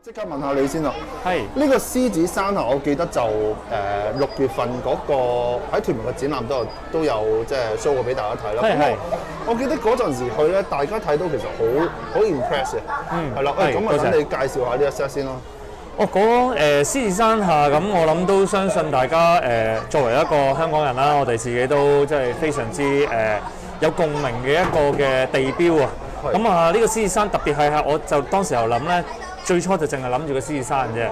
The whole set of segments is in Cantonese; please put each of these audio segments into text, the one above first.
即刻問下你先啦。係呢是個獅子山下，我記得就誒六、呃、月份嗰個喺屯門嘅展覽都有，都有即係、呃、show 過俾大家睇啦。係我，我記得嗰陣時去咧，大家睇到其實好好 impress 啊。Imp 嗯。係啦。係、欸。咁啊是，等你介紹下呢一 set 先咯。哦、嗯，講、那、誒、個呃、獅子山下，咁我諗都相信大家誒、呃、作為一個香港人啦、啊，我哋自己都即係非常之誒、呃、有共鳴嘅一個嘅地標啊。咁啊是，呢個獅子山特別係啊，我就當時候諗咧。最初就淨係諗住個獅子山啫，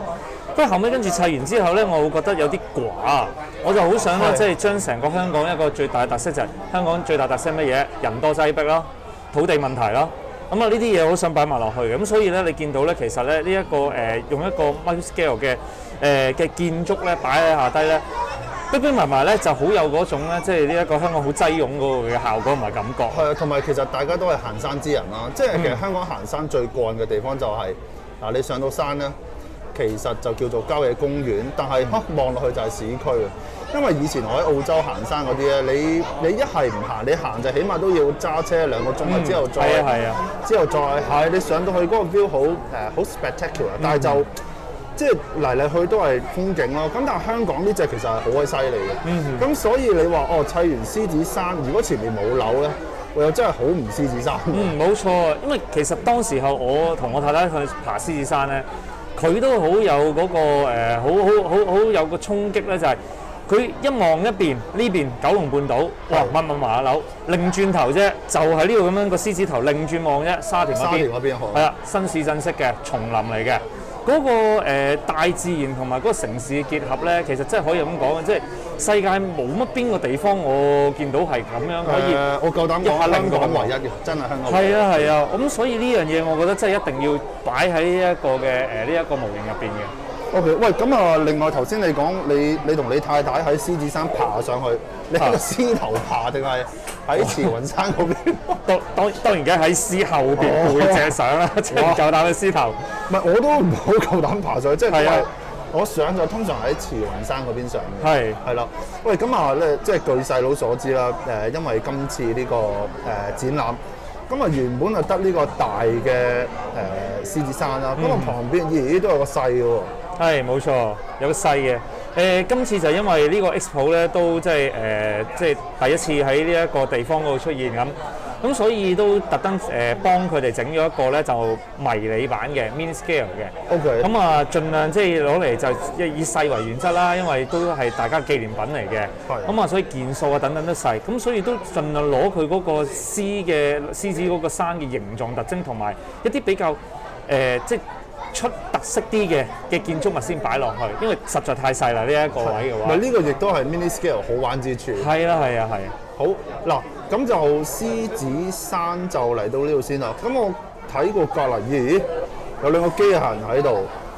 不過後尾跟住砌完之後咧，我會覺得有啲寡，我就好想咧，即係的將成個香港一個最大特色就係、是、香港最大特色乜嘢？人多擠逼咯，土地問題咯，咁啊呢啲嘢好想擺埋落去嘅。咁、嗯、所以咧，你見到咧，其實咧呢一、這個誒、呃、用一個 micro scale 嘅誒嘅建築咧擺喺下低咧，逼逼埋埋咧就好有嗰種咧，即係呢一個香港好擠擁嗰個嘅效果同埋感覺。係啊，同埋其實大家都係行山之人啦，即係其實香港行山最慣嘅地方就係、是。嗯嗱，你上到山咧，其實就叫做郊野公園，但係望落去就係市區啊！因為以前我喺澳洲行山嗰啲咧，你你一係唔行，你行就起碼都要揸車兩個鐘啊，之後再，嗯啊啊、之後再，係、啊啊、你上到去嗰個 view 好誒，好、uh, spectacular，但係就、嗯、即係嚟嚟去都係風景咯。咁但係香港呢隻其實係好鬼犀利嘅，咁所以你話哦砌完獅子山，如果前面冇樓咧？我又真係好唔獅子山。嗯，冇錯，因為其實當時候我同我太太去爬獅子山咧，佢都好有、嗰個呃、好、好、好、好有嗰個好好好好有個衝擊咧，就係、是、佢一望一邊呢邊九龍半島，哇密密麻麻嘅樓，擰的、嗯、轉頭啫，就係呢度咁樣個獅子頭擰轉、轉望啫，沙田嗰邊。沙係啊，新市鎮式嘅叢林嚟嘅。嗰、那個、呃、大自然同埋嗰個城市嘅結合咧，其實真係可以咁講嘅，即係世界冇乜邊個地方我見到係咁樣。呃、可以我。我夠膽講香港唯一嘅，嗯、真係香港唯一。係啊，係啊，咁、啊、所以呢樣嘢，我覺得真係一定要擺喺一個嘅誒呢一個模型入邊嘅。O、okay, K，喂，咁啊，另外頭先你講你你同你太太喺獅子山爬上去，的你係個獅頭爬定係？喺慈雲山嗰邊，當當然梗係喺獅後邊背脊上啦，哇即係夠膽去獅頭。唔係我都唔好夠膽爬，爬上去，即係是我上就通常喺慈雲山嗰邊上嘅。係係啦。喂，咁啊咧，即係據細佬所知啦。誒、呃，因為今次呢、這個誒、呃、展覽，咁啊原本就得呢個大嘅誒、呃、獅子山啦，咁啊旁邊、嗯、咦都有個細嘅喎。係冇錯，有個細嘅。誒、呃、今次就因為個呢個 expo 咧都即係誒即係第一次喺呢一個地方度出現咁，咁、嗯、所以都特登誒、呃、幫佢哋整咗一個咧就迷你版嘅 mini scale 嘅，OK，咁啊、嗯、盡量即係攞嚟就以細為原則啦，因為都係大家嘅紀念品嚟嘅，咁啊的、嗯、所以件數啊等等都細，咁、嗯、所以都盡量攞佢嗰個獅嘅獅子嗰個山嘅形狀特徵同埋一啲比較誒、呃、即出特色啲嘅嘅建築物先擺落去，因為實在太細啦呢一個位嘅話。咪呢個亦都係 mini scale 好玩之處。係啦，係啊，係、啊。啊、好嗱，咁就獅子山就嚟到呢度先啦。咁我睇個隔籬，咦，有兩個機械人喺度。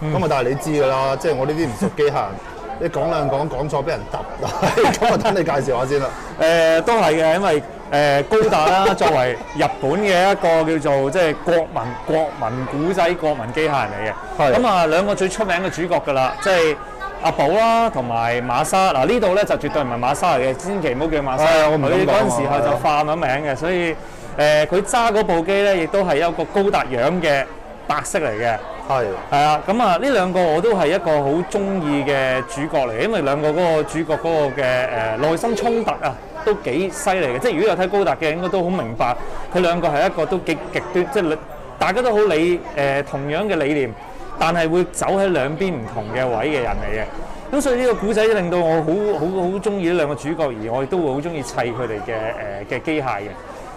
咁啊、嗯，但係你知噶啦，即係我呢啲唔熟機械人， 你講兩講講錯俾人揼。咁啊，等你介紹下先啦。誒、呃，都係嘅，因為。誒高達啦，作為日本嘅一個叫做即係國民國民古仔國民機械人嚟嘅，咁啊的兩個最出名嘅主角㗎啦，即、就、係、是、阿寶啦同埋馬沙。嗱、啊、呢度咧就絕對唔係馬沙嚟嘅，千祈唔好叫馬沙。啊、哎，我唔講。所以嗰時候就化咗名嘅，哎、呀所以誒佢揸嗰部機咧，亦都係一個高達樣嘅白色嚟嘅。係的。係啊，咁、嗯、啊呢兩個我都係一個好中意嘅主角嚟，因為兩個嗰個主角嗰個嘅誒、呃、內心衝突啊。都幾犀利嘅，即係如果有睇高達嘅，應該都好明白佢兩個係一個都極極端，即係大家都好理、誒、呃、同樣嘅理念，但係會走喺兩邊唔同嘅位嘅人嚟嘅。咁、嗯、所以呢個古仔令到我好好好中意呢兩個主角，而我亦都會好中意砌佢哋嘅誒嘅機械嘅。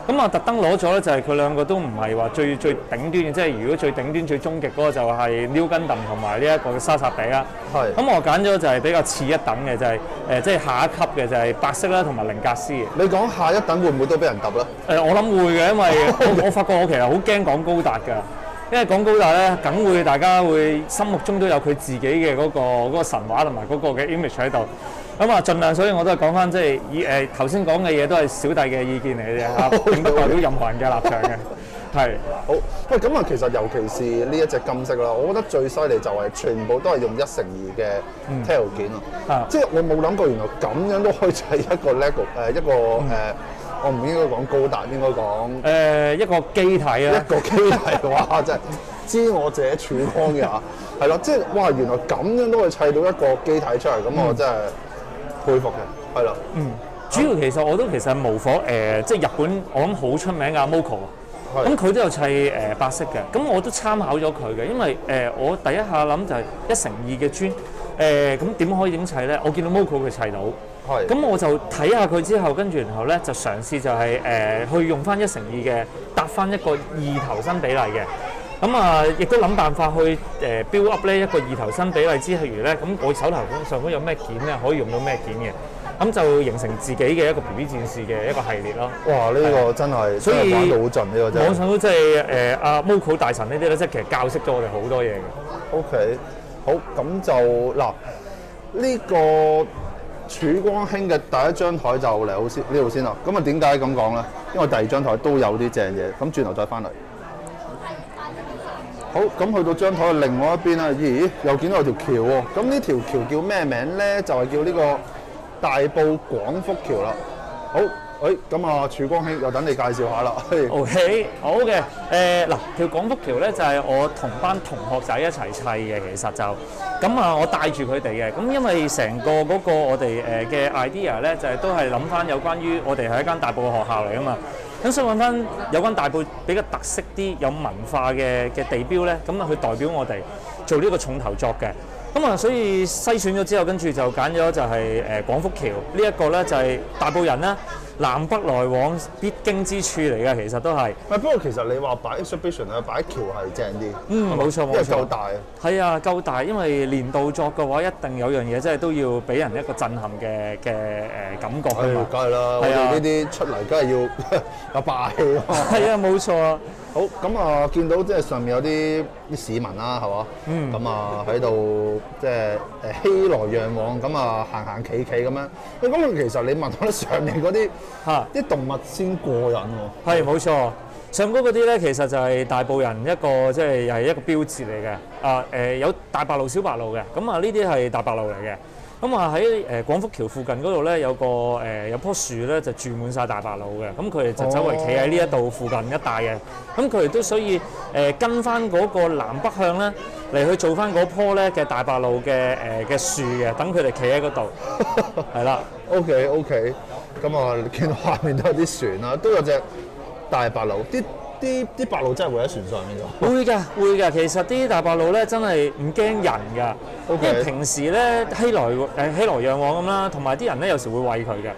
咁啊，我特登攞咗咧，就係、是、佢兩個都唔係話最最頂端嘅，即、就、係、是、如果最頂端最終極嗰個就係 New Gundam 同埋呢一個嘅沙薩比啦。係是。咁我揀咗就係比較次一等嘅，就係誒即係下一級嘅，就係、是、白色啦同埋零格斯嘅。你講下一等會唔會都俾人揼咧？誒、呃，我諗會嘅，因為我 我發覺我其實好驚講高達㗎，因為講高達咧，梗會大家會心目中都有佢自己嘅嗰、那個嗰、那個神話同埋嗰個嘅 image 喺度。咁啊，儘量，所以我、呃、都係講翻，即係以誒頭先講嘅嘢都係小弟嘅意見嚟嘅嚇，並不代表任何人嘅立場嘅。係 是好喂，咁啊，其實尤其是呢一隻金色啦，我覺得最犀利就係全部都係用一乘二嘅 tile 件啊，嗯、即係我冇諗過原來咁樣都可以砌一個 Lego 誒、呃、一個誒、嗯呃，我唔應該講高達，應該講誒、呃、一個機體啊。一個機體 哇，真係知我者寸光也，係咯， 即係哇，原來咁樣都可以砌到一個機體出嚟，咁我真係、嗯、～ 佩服嘅，係啦。嗯，主要其實我都其實模仿，誒、呃，即係日本我諗好出名嘅 Moco，咁佢都有砌誒、呃、白色嘅。咁、嗯、我都參考咗佢嘅，因為誒、呃、我第一下諗就係一乘二嘅磚誒，咁、呃、點、嗯、可以點砌咧？我見到 Moco 佢砌到，咁的、嗯、我就睇下佢之後，跟住然後咧就嘗試就係、是、誒、呃、去用翻一乘二嘅搭翻一個二頭身比例嘅。咁啊，亦都諗辦法去誒 build up 呢一個二頭身比例之如咧，咁我手頭上邊有咩件咧，可以用到咩件嘅，咁、嗯、就形成自己嘅一個 BB 戰士嘅一個系列咯。哇！呢、呢個真係，嗯、所以我、呢個、網上真係阿 Moko 大神呢啲咧，即係其實教識咗我哋好多嘢嘅。O.、Okay, K. 好，咁就嗱呢、呢個曙光興嘅第一張台就嚟好先，先麼麼呢度先啦。咁啊，點解咁講咧？因為第二張台都有啲正嘢，咁轉頭再翻嚟。好，咁去到張台嘅另外一邊啊，咦？又見到有條橋喎、哦。咁呢條橋叫咩名咧？就係、是、叫呢個大埔廣福橋啦。好，誒、哎，咁啊，曙光兄又等你介紹下啦。 OK，好嘅，誒，嗱，條廣福橋咧就係、是、我同班同學仔一齊砌嘅，其實就咁啊，我帶住佢哋嘅。咁因為成個嗰個我哋誒嘅、呃、idea 咧，就係、是、都係諗翻有關於我哋係一間大埔嘅學校嚟啊嘛。咁想揾翻有關大埔比較特色啲、有文化嘅嘅地標咧，咁啊去代表我哋做呢一個重頭作嘅。咁啊，所以篩選咗之後，跟住就揀咗就係誒廣福橋呢一個咧，就係大埔人啦。南北來往必經之處嚟嘅，其實都係。唔，不過其實你話擺 exhibition 啊，擺橋係正啲。嗯，冇錯，因為夠大啊。係啊，夠大，因為年度作嘅話，一定有樣嘢即係都要俾人一個震撼嘅嘅誒感覺啊嘛。梗係啦，我哋呢啲出嚟，梗係要有霸氣喎。係啊，冇錯。好，咁啊，見到即係上面有啲啲市民啦，係嘛？嗯。咁啊，喺度即係誒熙來攘往，咁啊行行企企咁樣。喂，咁其實你問我哋上面嗰啲。嚇！啲動物先過癮喎。係 冇樂錯，上高嗰啲咧，其實就係大埔人一個即係又係一個標誌嚟嘅。啊誒，有大白鷺、小白鷺嘅，咁啊呢啲係大白鷺嚟嘅。咁啊喺誒廣福橋附近嗰度咧，有個誒有棵樹咧，就住滿晒大白鷺嘅。咁佢哋就周圍企喺呢一度附近一帶嘅。咁佢哋都所以誒跟翻嗰個南北向咧嚟去做翻嗰棵咧嘅大白鷺嘅誒嘅樹嘅，等佢哋企喺嗰度係啦。 的 OK OK。咁我見到下面都有啲船啊，都有隻大白鷺，啲啲啲白鷺真係會喺船上面度。會㗎，會㗎。其實啲大白鷺咧真係唔驚人㗎，Okay. 因為平時咧熙來誒熙來攘往咁啦，同埋啲人咧有時會餵佢嘅。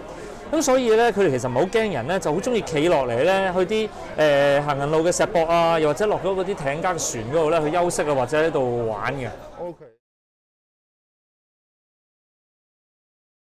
咁所以咧，佢哋其實唔好驚人咧，就好中意企落嚟咧去啲誒、呃、行人路嘅石壆啊，又或者落咗嗰啲艇家嘅船嗰度咧去休息啊，或者喺度玩嘅。Okay.